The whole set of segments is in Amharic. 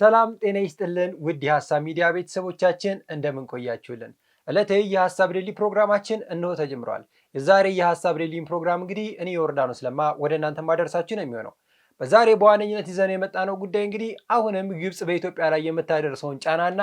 ሰላም ጤና ይስጥልን ውድ የሀሳብ ሚዲያ ቤተሰቦቻችን እንደምን ቆያችሁልን? ዕለታዊ የሀሳብ ዴሊ ፕሮግራማችን እንሆ ተጀምሯል። የዛሬ የሀሳብ ዴሊን ፕሮግራም እንግዲህ እኔ ዮርዳኖስ ለማ ወደ እናንተ ማደርሳችሁ ነው የሚሆነው። በዛሬ በዋነኝነት ይዘን የመጣነው ጉዳይ እንግዲህ አሁንም ግብፅ በኢትዮጵያ ላይ የምታደርሰውን ጫናና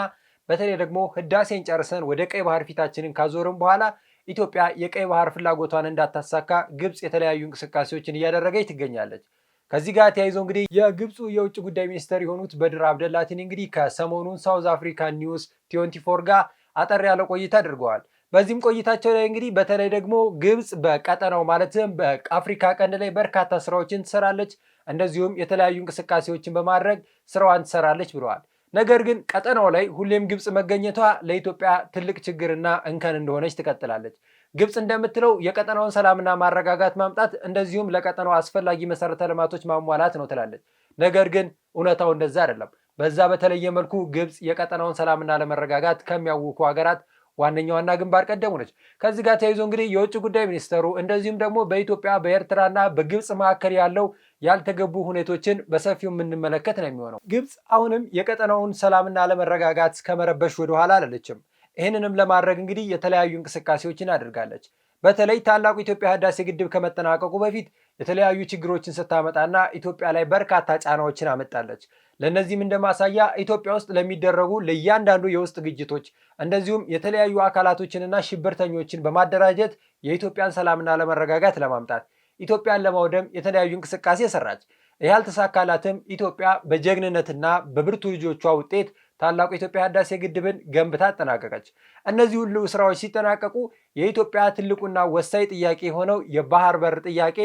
በተለይ ደግሞ ህዳሴን ጨርሰን ወደ ቀይ ባህር ፊታችንን ካዞርን በኋላ ኢትዮጵያ የቀይ ባህር ፍላጎቷን እንዳታሳካ ግብፅ የተለያዩ እንቅስቃሴዎችን እያደረገች ትገኛለች። ከዚህ ጋር ተያይዞ እንግዲህ የግብፁ የውጭ ጉዳይ ሚኒስትር የሆኑት በድር አብደላቲን እንግዲህ ከሰሞኑን ሳውዝ አፍሪካ ኒውስ ቲዌንቲፎር ጋር አጠር ያለ ቆይታ አድርገዋል። በዚህም ቆይታቸው ላይ እንግዲህ በተለይ ደግሞ ግብፅ በቀጠናው ማለትም በአፍሪካ ቀንድ ላይ በርካታ ስራዎችን ትሰራለች፣ እንደዚሁም የተለያዩ እንቅስቃሴዎችን በማድረግ ስራዋን ትሰራለች ብለዋል። ነገር ግን ቀጠናው ላይ ሁሌም ግብፅ መገኘቷ ለኢትዮጵያ ትልቅ ችግርና እንከን እንደሆነች ትቀጥላለች። ግብፅ እንደምትለው የቀጠናውን ሰላምና ማረጋጋት ማምጣት እንደዚሁም ለቀጠናው አስፈላጊ መሰረተ ልማቶች ማሟላት ነው ትላለች። ነገር ግን እውነታው እንደዛ አይደለም። በዛ በተለየ መልኩ ግብፅ የቀጠናውን ሰላምና ለመረጋጋት ከሚያውኩ ሀገራት ዋነኛዋና ግንባር ቀደሙ ነች። ከዚህ ጋር ተያይዞ እንግዲህ የውጭ ጉዳይ ሚኒስተሩ እንደዚሁም ደግሞ በኢትዮጵያ በኤርትራና በግብፅ መካከል ያለው ያልተገቡ ሁኔቶችን በሰፊው የምንመለከት ነው የሚሆነው። ግብፅ አሁንም የቀጠናውን ሰላምና አለመረጋጋት ከመረበሽ ወደኋላ አላለችም። ይህንንም ለማድረግ እንግዲህ የተለያዩ እንቅስቃሴዎችን አድርጋለች። በተለይ ታላቁ ኢትዮጵያ ህዳሴ ግድብ ከመጠናቀቁ በፊት የተለያዩ ችግሮችን ስታመጣና ኢትዮጵያ ላይ በርካታ ጫናዎችን አመጣለች። ለእነዚህም እንደ ማሳያ ኢትዮጵያ ውስጥ ለሚደረጉ ለእያንዳንዱ የውስጥ ግጭቶች እንደዚሁም የተለያዩ አካላቶችንና ሽብርተኞችን በማደራጀት የኢትዮጵያን ሰላምና ለመረጋጋት ለማምጣት ኢትዮጵያን ለማውደም የተለያዩ እንቅስቃሴ ሰራች። ይህ አልተሳካላትም። ኢትዮጵያ በጀግንነትና በብርቱ ልጆቿ ውጤት ታላቁ የኢትዮጵያ ህዳሴ ግድብን ገንብታ አጠናቀቀች። እነዚህ ሁሉ ስራዎች ሲጠናቀቁ የኢትዮጵያ ትልቁና ወሳኝ ጥያቄ የሆነው የባህር በር ጥያቄ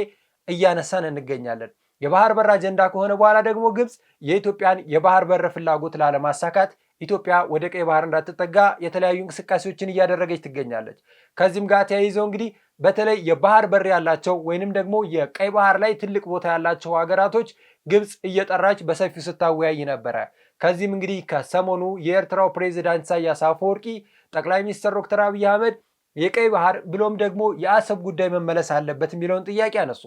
እያነሳን እንገኛለን። የባህር በር አጀንዳ ከሆነ በኋላ ደግሞ ግብፅ የኢትዮጵያን የባህር በር ፍላጎት ላለማሳካት ኢትዮጵያ ወደ ቀይ ባህር እንዳትጠጋ የተለያዩ እንቅስቃሴዎችን እያደረገች ትገኛለች። ከዚህም ጋር ተያይዘው እንግዲህ በተለይ የባህር በር ያላቸው ወይንም ደግሞ የቀይ ባህር ላይ ትልቅ ቦታ ያላቸው ሀገራቶች ግብፅ እየጠራች በሰፊው ስታወያይ ነበረ። ከዚህም እንግዲህ ከሰሞኑ የኤርትራው ፕሬዚዳንት ኢሳያስ አፈወርቂ ጠቅላይ ሚኒስትር ዶክተር አብይ አህመድ የቀይ ባህር ብሎም ደግሞ የአሰብ ጉዳይ መመለስ አለበት የሚለውን ጥያቄ አነሱ።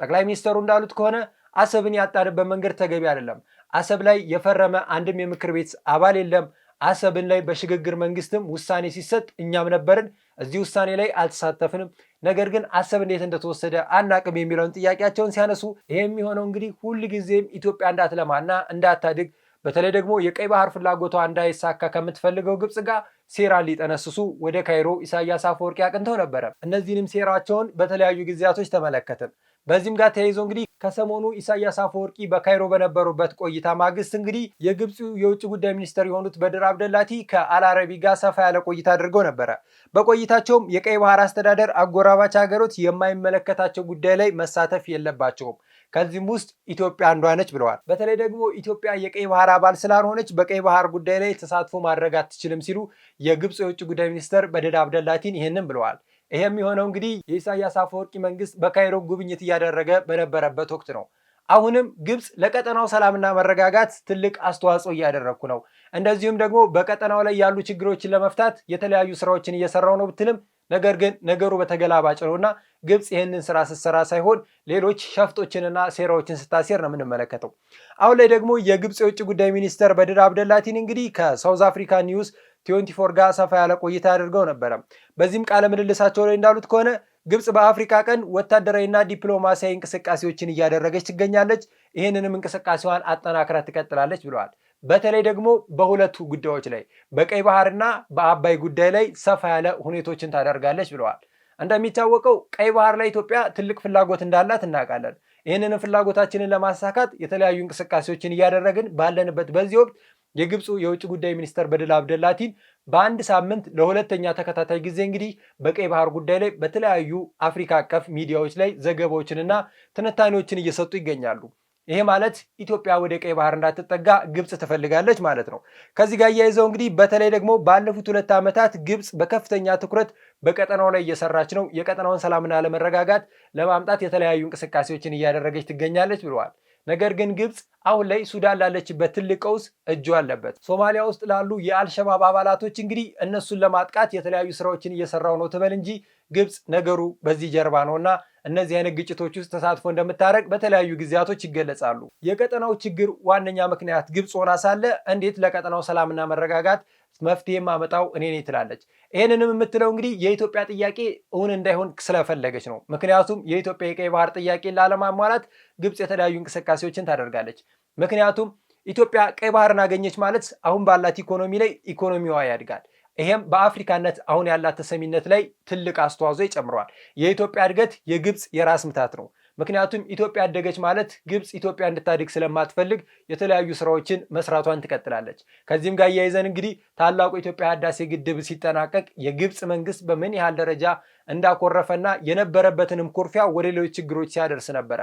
ጠቅላይ ሚኒስትሩ እንዳሉት ከሆነ አሰብን ያጣንበት መንገድ ተገቢ አይደለም። አሰብ ላይ የፈረመ አንድም የምክር ቤት አባል የለም። አሰብን ላይ በሽግግር መንግስትም ውሳኔ ሲሰጥ እኛም ነበርን፣ እዚህ ውሳኔ ላይ አልተሳተፍንም። ነገር ግን አሰብ እንዴት እንደተወሰደ አናቅም የሚለውን ጥያቄያቸውን ሲያነሱ ይሄ የሚሆነው እንግዲህ ጊዜም ኢትዮጵያ እንዳትለማና እንዳታድግ በተለይ ደግሞ የቀይ ባህር ፍላጎቷ እንዳይሳካ ከምትፈልገው ግብፅ ጋር ሴራ ሊጠነስሱ ወደ ካይሮ ኢሳያስ አፈወርቂ አቅንተው ነበረ። እነዚህንም ሴራቸውን በተለያዩ ጊዜያቶች ተመለከትን። በዚህም ጋር ተያይዞ እንግዲህ ከሰሞኑ ኢሳያስ አፈወርቂ በካይሮ በነበሩበት ቆይታ ማግስት እንግዲህ የግብፁ የውጭ ጉዳይ ሚኒስትር የሆኑት በድር አብደላቲ ከአልአረቢ ጋር ሰፋ ያለ ቆይታ አድርገው ነበረ። በቆይታቸውም የቀይ ባህር አስተዳደር አጎራባች ሀገሮች የማይመለከታቸው ጉዳይ ላይ መሳተፍ የለባቸውም ከዚህም ውስጥ ኢትዮጵያ አንዷ ነች ብለዋል። በተለይ ደግሞ ኢትዮጵያ የቀይ ባህር አባል ስላልሆነች በቀይ ባህር ጉዳይ ላይ ተሳትፎ ማድረግ አትችልም ሲሉ የግብፅ የውጭ ጉዳይ ሚኒስትር በድር አብደላቲን ይህንን ብለዋል። ይሄ የሚሆነው እንግዲህ የኢሳያስ አፈወርቂ መንግስት በካይሮ ጉብኝት እያደረገ በነበረበት ወቅት ነው። አሁንም ግብፅ ለቀጠናው ሰላምና መረጋጋት ትልቅ አስተዋጽኦ እያደረግኩ ነው፣ እንደዚሁም ደግሞ በቀጠናው ላይ ያሉ ችግሮችን ለመፍታት የተለያዩ ስራዎችን እየሰራው ነው ብትልም ነገር ግን ነገሩ በተገላባጭ ነው እና ግብፅ ይህንን ስራ ስትሰራ ሳይሆን ሌሎች ሸፍጦችንና ሴራዎችን ስታሴር ነው የምንመለከተው። አሁን ላይ ደግሞ የግብፅ የውጭ ጉዳይ ሚኒስተር በድር አብደላቲን እንግዲህ ከሳውዝ አፍሪካ ኒውስ ቲዮንቲፎር ጋር ሰፋ ያለ ቆይታ ያደርገው ነበረ። በዚህም ቃለ ምልልሳቸው ላይ እንዳሉት ከሆነ ግብፅ በአፍሪካ ቀንድ ወታደራዊና ዲፕሎማሲያዊ እንቅስቃሴዎችን እያደረገች ትገኛለች። ይህንንም እንቅስቃሴዋን አጠናክራ ትቀጥላለች ብለዋል። በተለይ ደግሞ በሁለቱ ጉዳዮች ላይ በቀይ ባህርና በአባይ ጉዳይ ላይ ሰፋ ያለ ሁኔቶችን ታደርጋለች ብለዋል። እንደሚታወቀው ቀይ ባህር ላይ ኢትዮጵያ ትልቅ ፍላጎት እንዳላት እናውቃለን። ይህንንም ፍላጎታችንን ለማሳካት የተለያዩ እንቅስቃሴዎችን እያደረግን ባለንበት በዚህ ወቅት የግብፁ የውጭ ጉዳይ ሚኒስተር በድል አብደላቲን በአንድ ሳምንት ለሁለተኛ ተከታታይ ጊዜ እንግዲህ በቀይ ባህር ጉዳይ ላይ በተለያዩ አፍሪካ አቀፍ ሚዲያዎች ላይ ዘገባዎችንና ትንታኔዎችን እየሰጡ ይገኛሉ። ይሄ ማለት ኢትዮጵያ ወደ ቀይ ባህር እንዳትጠጋ ግብፅ ትፈልጋለች ማለት ነው። ከዚህ ጋር እያይዘው እንግዲህ በተለይ ደግሞ ባለፉት ሁለት ዓመታት ግብፅ በከፍተኛ ትኩረት በቀጠናው ላይ እየሰራች ነው፣ የቀጠናውን ሰላምና ለመረጋጋት ለማምጣት የተለያዩ እንቅስቃሴዎችን እያደረገች ትገኛለች ብለዋል። ነገር ግን ግብፅ አሁን ላይ ሱዳን ላለችበት ትልቅ ቀውስ እጁ አለበት። ሶማሊያ ውስጥ ላሉ የአልሸባብ አባላቶች እንግዲህ እነሱን ለማጥቃት የተለያዩ ስራዎችን እየሰራው ነው ትበል እንጂ ግብፅ ነገሩ በዚህ ጀርባ ነውና እነዚህ አይነት ግጭቶች ውስጥ ተሳትፎ እንደምታደረግ በተለያዩ ጊዜያቶች ይገለጻሉ። የቀጠናው ችግር ዋነኛ ምክንያት ግብፅ ሆና ሳለ እንዴት ለቀጠናው ሰላምና መረጋጋት መፍትሄ ማመጣው እኔ ነኝ ትላለች። ይህንንም የምትለው እንግዲህ የኢትዮጵያ ጥያቄ እውን እንዳይሆን ስለፈለገች ነው። ምክንያቱም የኢትዮጵያ የቀይ ባህር ጥያቄ ላለማሟላት ግብፅ የተለያዩ እንቅስቃሴዎችን ታደርጋለች። ምክንያቱም ኢትዮጵያ ቀይ ባህርን አገኘች ማለት አሁን ባላት ኢኮኖሚ ላይ ኢኮኖሚዋ ያድጋል። ይሄም በአፍሪካነት አሁን ያላት ተሰሚነት ላይ ትልቅ አስተዋጽኦ ይጨምረዋል። የኢትዮጵያ እድገት የግብፅ የራስ ምታት ነው። ምክንያቱም ኢትዮጵያ አደገች ማለት ግብፅ ኢትዮጵያ እንድታድግ ስለማትፈልግ የተለያዩ ስራዎችን መስራቷን ትቀጥላለች። ከዚህም ጋር እያይዘን እንግዲህ ታላቁ የኢትዮጵያ ህዳሴ ግድብ ሲጠናቀቅ የግብፅ መንግስት በምን ያህል ደረጃ እንዳኮረፈና የነበረበትንም ኩርፊያ ወደ ሌሎች ችግሮች ሲያደርስ ነበረ።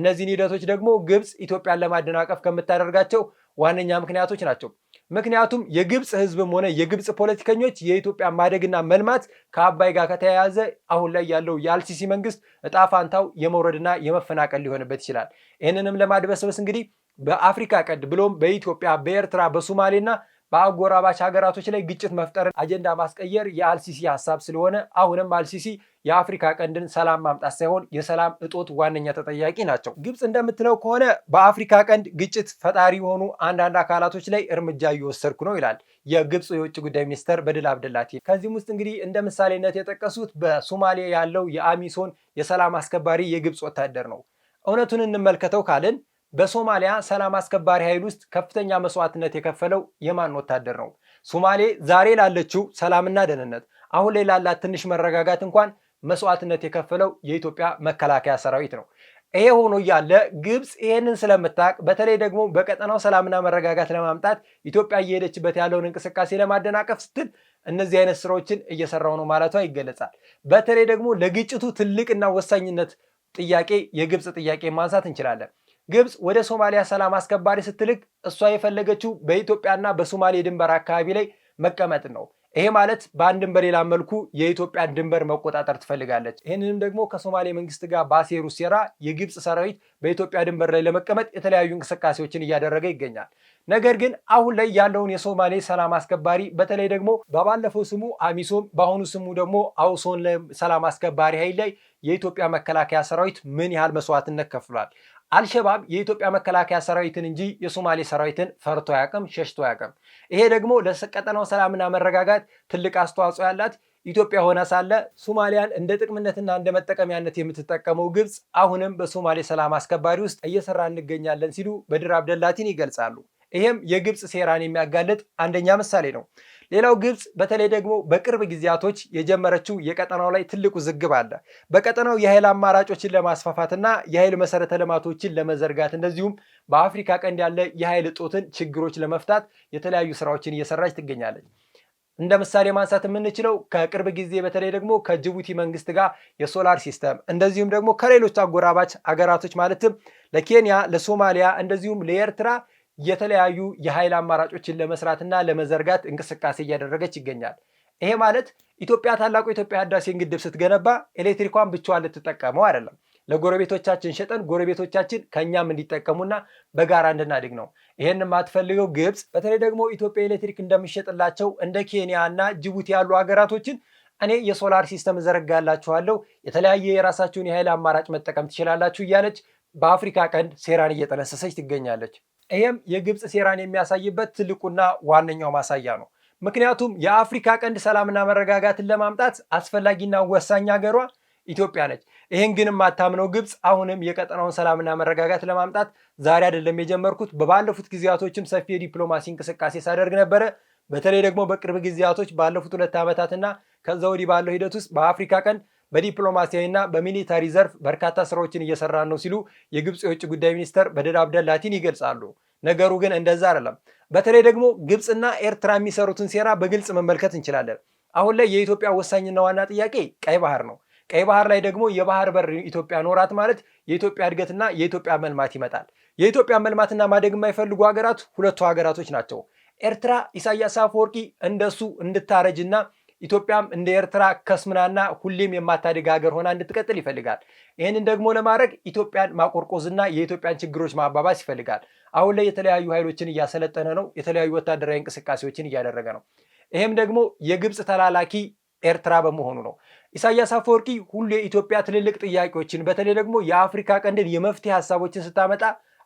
እነዚህን ሂደቶች ደግሞ ግብፅ ኢትዮጵያን ለማደናቀፍ ከምታደርጋቸው ዋነኛ ምክንያቶች ናቸው። ምክንያቱም የግብፅ ህዝብም ሆነ የግብፅ ፖለቲከኞች የኢትዮጵያ ማደግና መልማት ከአባይ ጋር ከተያያዘ አሁን ላይ ያለው የአልሲሲ መንግስት እጣ ፋንታው የመውረድና የመፈናቀል ሊሆንበት ይችላል። ይህንንም ለማድበስበስ እንግዲህ በአፍሪካ ቀንድ ብሎም በኢትዮጵያ፣ በኤርትራ፣ በሶማሌና በአጎራባች ሀገራቶች ላይ ግጭት መፍጠርን አጀንዳ ማስቀየር የአልሲሲ ሀሳብ ስለሆነ አሁንም አልሲሲ የአፍሪካ ቀንድን ሰላም ማምጣት ሳይሆን የሰላም እጦት ዋነኛ ተጠያቂ ናቸው። ግብፅ እንደምትለው ከሆነ በአፍሪካ ቀንድ ግጭት ፈጣሪ የሆኑ አንዳንድ አካላቶች ላይ እርምጃ እየወሰድኩ ነው ይላል የግብፅ የውጭ ጉዳይ ሚኒስተር በድል አብደላቲ። ከዚህም ውስጥ እንግዲህ እንደ ምሳሌነት የጠቀሱት በሶማሌ ያለው የአሚሶን የሰላም አስከባሪ የግብፅ ወታደር ነው። እውነቱን እንመልከተው ካልን በሶማሊያ ሰላም አስከባሪ ኃይል ውስጥ ከፍተኛ መስዋዕትነት የከፈለው የማን ወታደር ነው? ሶማሌ ዛሬ ላለችው ሰላምና ደህንነት፣ አሁን ላይ ላላት ትንሽ መረጋጋት እንኳን መስዋዕትነት የከፈለው የኢትዮጵያ መከላከያ ሰራዊት ነው። ይሄ ሆኖ እያለ ግብፅ ይሄንን ስለምታቅ በተለይ ደግሞ በቀጠናው ሰላምና መረጋጋት ለማምጣት ኢትዮጵያ እየሄደችበት ያለውን እንቅስቃሴ ለማደናቀፍ ስትል እነዚህ አይነት ስራዎችን እየሰራው ነው ማለቷ ይገለጻል። በተለይ ደግሞ ለግጭቱ ትልቅና ወሳኝነት ጥያቄ የግብፅ ጥያቄ ማንሳት እንችላለን። ግብፅ ወደ ሶማሊያ ሰላም አስከባሪ ስትልክ እሷ የፈለገችው በኢትዮጵያና በሶማሌ ድንበር አካባቢ ላይ መቀመጥ ነው። ይሄ ማለት በአንድም በሌላ መልኩ የኢትዮጵያን ድንበር መቆጣጠር ትፈልጋለች። ይህንንም ደግሞ ከሶማሌ መንግስት ጋር ባሴሩ ሴራ የግብፅ ሰራዊት በኢትዮጵያ ድንበር ላይ ለመቀመጥ የተለያዩ እንቅስቃሴዎችን እያደረገ ይገኛል። ነገር ግን አሁን ላይ ያለውን የሶማሌ ሰላም አስከባሪ በተለይ ደግሞ በባለፈው ስሙ አሚሶም በአሁኑ ስሙ ደግሞ አውሶን ሰላም አስከባሪ ኃይል ላይ የኢትዮጵያ መከላከያ ሰራዊት ምን ያህል መስዋዕትነት ከፍሏል? አልሸባብ የኢትዮጵያ መከላከያ ሰራዊትን እንጂ የሶማሌ ሰራዊትን ፈርቶ አያቅም፣ ሸሽቶ አያቅም። ይሄ ደግሞ ለቀጠናው ሰላምና መረጋጋት ትልቅ አስተዋጽኦ ያላት ኢትዮጵያ ሆና ሳለ ሶማሊያን እንደ ጥቅምነትና እንደ መጠቀሚያነት የምትጠቀመው ግብፅ አሁንም በሶማሌ ሰላም አስከባሪ ውስጥ እየሰራ እንገኛለን ሲሉ በድር አብደላቲን ይገልጻሉ። ይህም የግብፅ ሴራን የሚያጋልጥ አንደኛ ምሳሌ ነው። ሌላው ግብፅ በተለይ ደግሞ በቅርብ ጊዜያቶች የጀመረችው የቀጠናው ላይ ትልቅ ውዝግብ አለ። በቀጠናው የኃይል አማራጮችን ለማስፋፋትና የኃይል መሰረተ ልማቶችን ለመዘርጋት እንደዚሁም በአፍሪካ ቀንድ ያለ የኃይል እጦትን ችግሮች ለመፍታት የተለያዩ ስራዎችን እየሰራች ትገኛለች። እንደ ምሳሌ ማንሳት የምንችለው ከቅርብ ጊዜ በተለይ ደግሞ ከጅቡቲ መንግስት ጋር የሶላር ሲስተም እንደዚሁም ደግሞ ከሌሎች አጎራባች አገራቶች ማለትም ለኬንያ፣ ለሶማሊያ እንደዚሁም ለኤርትራ የተለያዩ የኃይል አማራጮችን ለመስራትና ለመዘርጋት እንቅስቃሴ እያደረገች ይገኛል። ይሄ ማለት ኢትዮጵያ ታላቁ የኢትዮጵያ ህዳሴን ግድብ ስትገነባ ኤሌክትሪኳን ብቻዋን ልትጠቀመው አይደለም። ለጎረቤቶቻችን ሸጠን ጎረቤቶቻችን ከእኛም እንዲጠቀሙና በጋራ እንድናድግ ነው። ይህን የማትፈልገው ግብፅ፣ በተለይ ደግሞ ኢትዮጵያ ኤሌክትሪክ እንደምሸጥላቸው እንደ ኬንያ እና ጅቡቲ ያሉ ሀገራቶችን እኔ የሶላር ሲስተም ዘረጋላችኋለሁ፣ የተለያየ የራሳችሁን የኃይል አማራጭ መጠቀም ትችላላችሁ እያለች በአፍሪካ ቀንድ ሴራን እየጠነሰሰች ትገኛለች። ይህም የግብፅ ሴራን የሚያሳይበት ትልቁና ዋነኛው ማሳያ ነው። ምክንያቱም የአፍሪካ ቀንድ ሰላምና መረጋጋትን ለማምጣት አስፈላጊና ወሳኝ ሀገሯ ኢትዮጵያ ነች። ይህን ግን የማታምነው ግብፅ አሁንም የቀጠናውን ሰላምና መረጋጋት ለማምጣት ዛሬ አይደለም የጀመርኩት፣ በባለፉት ጊዜያቶችም ሰፊ የዲፕሎማሲ እንቅስቃሴ ሳደርግ ነበረ። በተለይ ደግሞ በቅርብ ጊዜያቶች ባለፉት ሁለት ዓመታትና ከዛ ወዲህ ባለው ሂደት ውስጥ በአፍሪካ ቀንድ በዲፕሎማሲያዊና በሚሊታሪ ዘርፍ በርካታ ስራዎችን እየሰራ ነው ሲሉ የግብፅ የውጭ ጉዳይ ሚኒስተር በደድ አብደላቲን ይገልጻሉ። ነገሩ ግን እንደዛ አይደለም። በተለይ ደግሞ ግብፅና ኤርትራ የሚሰሩትን ሴራ በግልጽ መመልከት እንችላለን። አሁን ላይ የኢትዮጵያ ወሳኝና ዋና ጥያቄ ቀይ ባህር ነው። ቀይ ባህር ላይ ደግሞ የባህር በር ኢትዮጵያ ኖራት ማለት የኢትዮጵያ እድገትና የኢትዮጵያ መልማት ይመጣል። የኢትዮጵያ መልማትና ማደግ የማይፈልጉ ሀገራት ሁለቱ ሀገራቶች ናቸው። ኤርትራ ኢሳያስ አፈወርቂ እንደሱ እንድታረጅና ኢትዮጵያም እንደ ኤርትራ ከስምናና ሁሌም የማታደግ ሀገር ሆና እንድትቀጥል ይፈልጋል። ይህንን ደግሞ ለማድረግ ኢትዮጵያን ማቆርቆዝና የኢትዮጵያን ችግሮች ማባባስ ይፈልጋል። አሁን ላይ የተለያዩ ኃይሎችን እያሰለጠነ ነው። የተለያዩ ወታደራዊ እንቅስቃሴዎችን እያደረገ ነው። ይህም ደግሞ የግብፅ ተላላኪ ኤርትራ በመሆኑ ነው። ኢሳያስ አፈወርቂ ሁሉ የኢትዮጵያ ትልልቅ ጥያቄዎችን በተለይ ደግሞ የአፍሪካ ቀንድን የመፍትሄ ሀሳቦችን ስታመጣ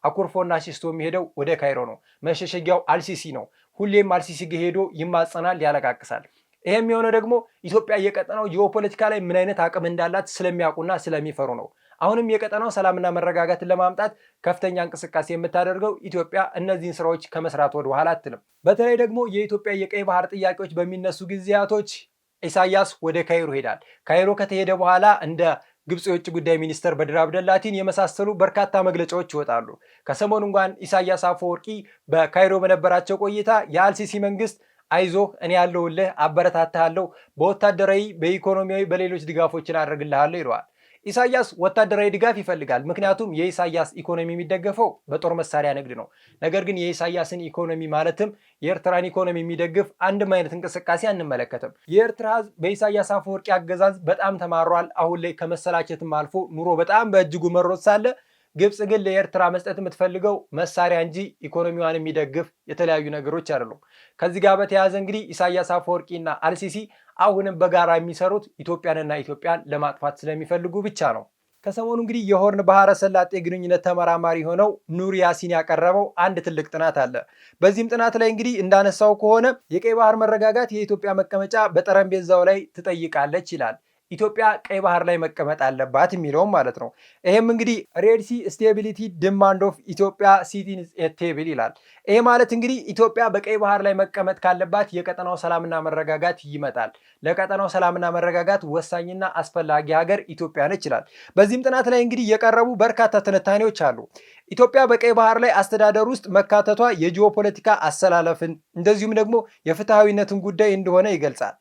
አኮርፎና ሲስቶ የሚሄደው ወደ ካይሮ ነው። መሸሸጊያው አልሲሲ ነው። ሁሌም አልሲሲ ሄዶ ይማጸናል፣ ያለቃቅሳል። ይሄ የሚሆነው ደግሞ ኢትዮጵያ የቀጠናው ጂኦፖለቲካ ላይ ምን አይነት አቅም እንዳላት ስለሚያውቁና ስለሚፈሩ ነው። አሁንም የቀጠናው ሰላምና መረጋጋትን ለማምጣት ከፍተኛ እንቅስቃሴ የምታደርገው ኢትዮጵያ እነዚህን ስራዎች ከመስራት ወደ ኋላ አትልም። በተለይ ደግሞ የኢትዮጵያ የቀይ ባህር ጥያቄዎች በሚነሱ ጊዜያቶች ኢሳያስ ወደ ካይሮ ሄዳል። ካይሮ ከተሄደ በኋላ እንደ ግብፅ የውጭ ጉዳይ ሚኒስትር በድር አብደላቲን የመሳሰሉ በርካታ መግለጫዎች ይወጣሉ። ከሰሞኑ እንኳን ኢሳያስ አፈወርቂ በካይሮ በነበራቸው ቆይታ የአልሲሲ መንግስት አይዞ እኔ ያለሁልህ፣ አበረታታሃለሁ፣ በወታደራዊ በኢኮኖሚያዊ፣ በሌሎች ድጋፎችን አድርግልሃለሁ ይለዋል። ኢሳያስ ወታደራዊ ድጋፍ ይፈልጋል። ምክንያቱም የኢሳያስ ኢኮኖሚ የሚደገፈው በጦር መሳሪያ ንግድ ነው። ነገር ግን የኢሳያስን ኢኮኖሚ ማለትም የኤርትራን ኢኮኖሚ የሚደግፍ አንድም አይነት እንቅስቃሴ አንመለከትም። የኤርትራ ሕዝብ በኢሳያስ አፈወርቂ አገዛዝ በጣም ተማሯል። አሁን ላይ ከመሰላቸትም አልፎ ኑሮ በጣም በእጅጉ መሮት ሳለ ግብፅ ግን ለኤርትራ መስጠት የምትፈልገው መሳሪያ እንጂ ኢኮኖሚዋን የሚደግፍ የተለያዩ ነገሮች አይደሉም። ከዚህ ጋር በተያያዘ እንግዲህ ኢሳያስ አፈወርቂ እና አልሲሲ አሁንም በጋራ የሚሰሩት ኢትዮጵያንና ኢትዮጵያን ለማጥፋት ስለሚፈልጉ ብቻ ነው። ከሰሞኑ እንግዲህ የሆርን ባህረ ሰላጤ ግንኙነት ተመራማሪ የሆነው ኑር ያሲን ያቀረበው አንድ ትልቅ ጥናት አለ። በዚህም ጥናት ላይ እንግዲህ እንዳነሳው ከሆነ የቀይ ባህር መረጋጋት የኢትዮጵያ መቀመጫ በጠረጴዛው ላይ ትጠይቃለች ይላል። ኢትዮጵያ ቀይ ባህር ላይ መቀመጥ አለባት የሚለውም ማለት ነው። ይሄም እንግዲህ ሬድ ሲ ስቴቢሊቲ ድማንድ ኦፍ ኢትዮጵያ ሲቲን ቴብል ይላል። ይሄ ማለት እንግዲህ ኢትዮጵያ በቀይ ባህር ላይ መቀመጥ ካለባት የቀጠናው ሰላምና መረጋጋት ይመጣል። ለቀጠናው ሰላምና መረጋጋት ወሳኝና አስፈላጊ ሀገር ኢትዮጵያ ነች ይላል። በዚህም ጥናት ላይ እንግዲህ የቀረቡ በርካታ ትንታኔዎች አሉ። ኢትዮጵያ በቀይ ባህር ላይ አስተዳደር ውስጥ መካተቷ የጂኦፖለቲካ አሰላለፍን እንደዚሁም ደግሞ የፍትሐዊነትን ጉዳይ እንደሆነ ይገልጻል።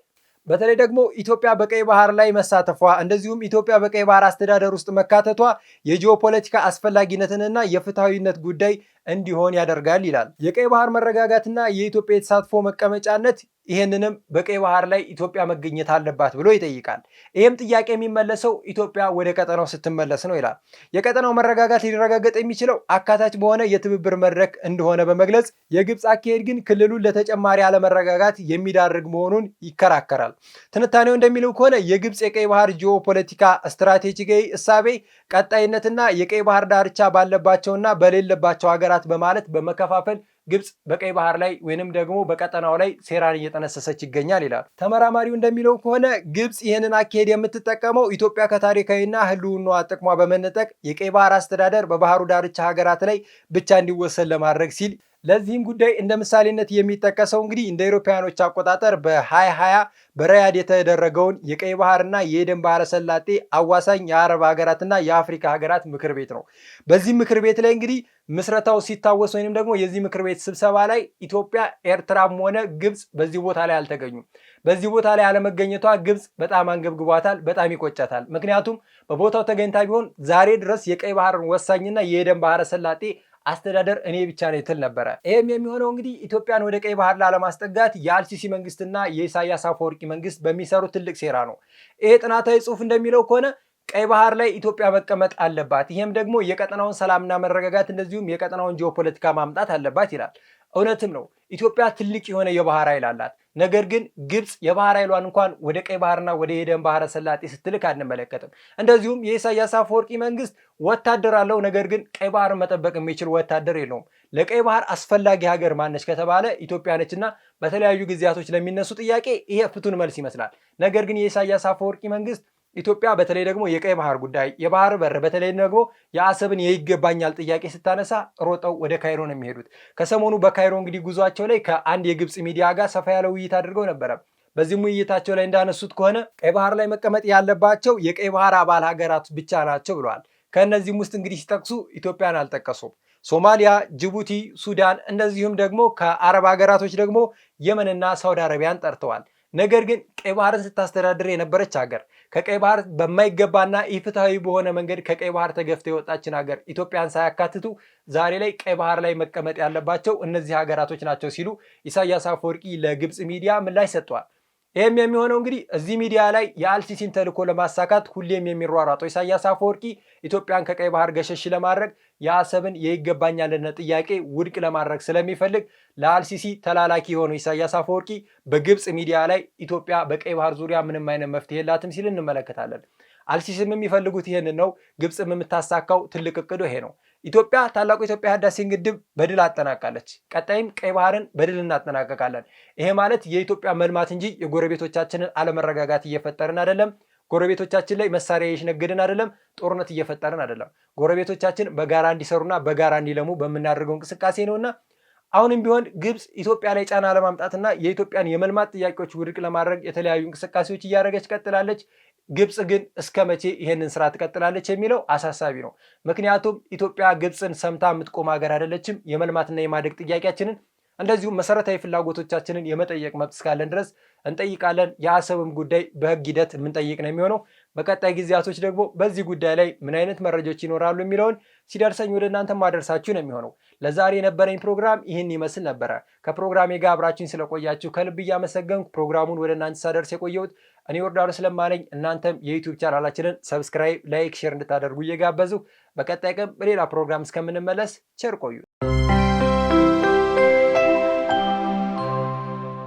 በተለይ ደግሞ ኢትዮጵያ በቀይ ባህር ላይ መሳተፏ እንደዚሁም ኢትዮጵያ በቀይ ባህር አስተዳደር ውስጥ መካተቷ የጂኦፖለቲካ አስፈላጊነትንና የፍትሐዊነት ጉዳይ እንዲሆን ያደርጋል ይላል። የቀይ ባህር መረጋጋትና የኢትዮጵያ የተሳትፎ መቀመጫነት ይህንንም በቀይ ባህር ላይ ኢትዮጵያ መገኘት አለባት ብሎ ይጠይቃል። ይህም ጥያቄ የሚመለሰው ኢትዮጵያ ወደ ቀጠናው ስትመለስ ነው ይላል። የቀጠናው መረጋጋት ሊረጋገጥ የሚችለው አካታች በሆነ የትብብር መድረክ እንደሆነ በመግለጽ የግብፅ አካሄድ ግን ክልሉን ለተጨማሪ አለመረጋጋት የሚዳርግ መሆኑን ይከራከራል። ትንታኔው እንደሚለው ከሆነ የግብፅ የቀይ ባህር ጂኦፖለቲካ ስትራቴጂካዊ እሳቤ ቀጣይነትና የቀይ ባህር ዳርቻ ባለባቸውና በሌለባቸው ሀገር ሀገራት በማለት በመከፋፈል ግብፅ በቀይ ባህር ላይ ወይንም ደግሞ በቀጠናው ላይ ሴራን እየጠነሰሰች ይገኛል ይላል። ተመራማሪው እንደሚለው ከሆነ ግብፅ ይህንን አካሄድ የምትጠቀመው ኢትዮጵያ ከታሪካዊና ሕልውናዋ ጥቅሟ በመነጠቅ የቀይ ባህር አስተዳደር በባህሩ ዳርቻ ሀገራት ላይ ብቻ እንዲወሰን ለማድረግ ሲል ለዚህም ጉዳይ እንደ ምሳሌነት የሚጠቀሰው እንግዲህ እንደ አውሮፓውያኖች አቆጣጠር በ2020 በረያድ የተደረገውን የቀይ ባህርና የኤደን ባህረ ሰላጤ አዋሳኝ የአረብ ሀገራትና የአፍሪካ ሀገራት ምክር ቤት ነው። በዚህ ምክር ቤት ላይ እንግዲህ ምስረታው ሲታወስ ወይንም ደግሞ የዚህ ምክር ቤት ስብሰባ ላይ ኢትዮጵያ፣ ኤርትራም ሆነ ግብፅ በዚህ ቦታ ላይ አልተገኙም። በዚህ ቦታ ላይ አለመገኘቷ ግብፅ በጣም አንገብግቧታል፣ በጣም ይቆጨታል። ምክንያቱም በቦታው ተገኝታ ቢሆን ዛሬ ድረስ የቀይ ባህርን ወሳኝና የኤደን ባህረ ሰላጤ አስተዳደር እኔ ብቻ ነው ይትል ነበረ። ይህም የሚሆነው እንግዲህ ኢትዮጵያን ወደ ቀይ ባህር ላለማስጠጋት የአልሲሲ መንግስትና የኢሳያስ አፈወርቂ መንግስት በሚሰሩ ትልቅ ሴራ ነው። ይሄ ጥናታዊ ጽሁፍ እንደሚለው ከሆነ ቀይ ባህር ላይ ኢትዮጵያ መቀመጥ አለባት። ይህም ደግሞ የቀጠናውን ሰላምና መረጋጋት እንደዚሁም የቀጠናውን ጂኦፖለቲካ ማምጣት አለባት ይላል። እውነትም ነው ኢትዮጵያ ትልቅ የሆነ የባህር ኃይል አላት። ነገር ግን ግብፅ የባህር ኃይሏን እንኳን ወደ ቀይ ባህርና ወደ የደን ባህረ ሰላጤ ስትልክ አንመለከትም። እንደዚሁም የኢሳያስ አፈወርቂ መንግስት ወታደር አለው፣ ነገር ግን ቀይ ባህር መጠበቅ የሚችል ወታደር የለውም። ለቀይ ባህር አስፈላጊ ሀገር ማነች ከተባለ ኢትዮጵያ ነችና በተለያዩ ጊዜያቶች ለሚነሱ ጥያቄ ይሄ ፍቱን መልስ ይመስላል። ነገር ግን የኢሳያስ አፈወርቂ መንግስት ኢትዮጵያ በተለይ ደግሞ የቀይ ባህር ጉዳይ፣ የባህር በር፣ በተለይ ደግሞ የአሰብን የይገባኛል ጥያቄ ስታነሳ ሮጠው ወደ ካይሮ ነው የሚሄዱት። ከሰሞኑ በካይሮ እንግዲህ ጉዟቸው ላይ ከአንድ የግብፅ ሚዲያ ጋር ሰፋ ያለ ውይይት አድርገው ነበረ። በዚህም ውይይታቸው ላይ እንዳነሱት ከሆነ ቀይ ባህር ላይ መቀመጥ ያለባቸው የቀይ ባህር አባል ሀገራት ብቻ ናቸው ብለዋል። ከእነዚህም ውስጥ እንግዲህ ሲጠቅሱ ኢትዮጵያን አልጠቀሱም። ሶማሊያ፣ ጅቡቲ፣ ሱዳን እንደዚሁም ደግሞ ከአረብ ሀገራቶች ደግሞ የመንና ሳውዲ አረቢያን ጠርተዋል። ነገር ግን ቀይ ባህርን ስታስተዳድር የነበረች ሀገር ከቀይ ባህር በማይገባና ኢፍትሐዊ በሆነ መንገድ ከቀይ ባህር ተገፍታ የወጣችን ሀገር ኢትዮጵያን ሳያካትቱ ዛሬ ላይ ቀይ ባህር ላይ መቀመጥ ያለባቸው እነዚህ ሀገራቶች ናቸው ሲሉ ኢሳያስ አፈወርቂ ለግብፅ ሚዲያ ምላሽ ሰጥተዋል። ይህም የሚሆነው እንግዲህ እዚህ ሚዲያ ላይ የአልሲሲን ተልዕኮ ለማሳካት ሁሌም የሚሯሯጠው ኢሳያስ አፈወርቂ ኢትዮጵያን ከቀይ ባህር ገሸሽ ለማድረግ የአሰብን የይገባኛልነት ጥያቄ ውድቅ ለማድረግ ስለሚፈልግ ለአልሲሲ ተላላኪ የሆነው ኢሳያስ አፈወርቂ በግብፅ ሚዲያ ላይ ኢትዮጵያ በቀይ ባህር ዙሪያ ምንም አይነት መፍትሄ የላትም ሲል እንመለከታለን። አልሲሲም የሚፈልጉት ይህንን ነው። ግብፅም የምታሳካው ትልቅ እቅዱ ይሄ ነው። ኢትዮጵያ ታላቁ የኢትዮጵያ ህዳሴን ግድብ በድል አጠናቃለች። ቀጣይም ቀይ ባህርን በድል እናጠናቀቃለን። ይሄ ማለት የኢትዮጵያ መልማት እንጂ የጎረቤቶቻችንን አለመረጋጋት እየፈጠርን አይደለም። ጎረቤቶቻችን ላይ መሳሪያ እየሸነገድን አይደለም። ጦርነት እየፈጠርን አይደለም። ጎረቤቶቻችን በጋራ እንዲሰሩና በጋራ እንዲለሙ በምናደርገው እንቅስቃሴ ነውና አሁንም ቢሆን ግብፅ ኢትዮጵያ ላይ ጫና ለማምጣትና የኢትዮጵያን የመልማት ጥያቄዎች ውድቅ ለማድረግ የተለያዩ እንቅስቃሴዎች እያደረገች ቀጥላለች። ግብፅ ግን እስከ መቼ ይሄንን ስራ ትቀጥላለች የሚለው አሳሳቢ ነው። ምክንያቱም ኢትዮጵያ ግብፅን ሰምታ የምትቆም ሀገር አይደለችም። የመልማትና የማደግ ጥያቄያችንን እንደዚሁም መሰረታዊ ፍላጎቶቻችንን የመጠየቅ መብት እስካለን ድረስ እንጠይቃለን። የአሰብም ጉዳይ በህግ ሂደት የምንጠይቅ ነው የሚሆነው። በቀጣይ ጊዜያቶች ደግሞ በዚህ ጉዳይ ላይ ምን አይነት መረጃዎች ይኖራሉ የሚለውን ሲደርሰኝ ወደ እናንተ ማደርሳችሁ ነው የሚሆነው። ለዛሬ የነበረኝ ፕሮግራም ይህን ይመስል ነበረ። ከፕሮግራሜ ጋር አብራችን ስለቆያችሁ ከልብ እያመሰገንኩ ፕሮግራሙን ወደ እናንተ ሳደርስ የቆየሁት እኔ ወርዳሉ ስለማለኝ፣ እናንተም የዩቱብ ቻናላችንን ሰብስክራይብ፣ ላይክ፣ ሼር እንድታደርጉ እየጋበዙ በቀጣይ ቀን በሌላ ፕሮግራም እስከምንመለስ ቸር ቆዩ።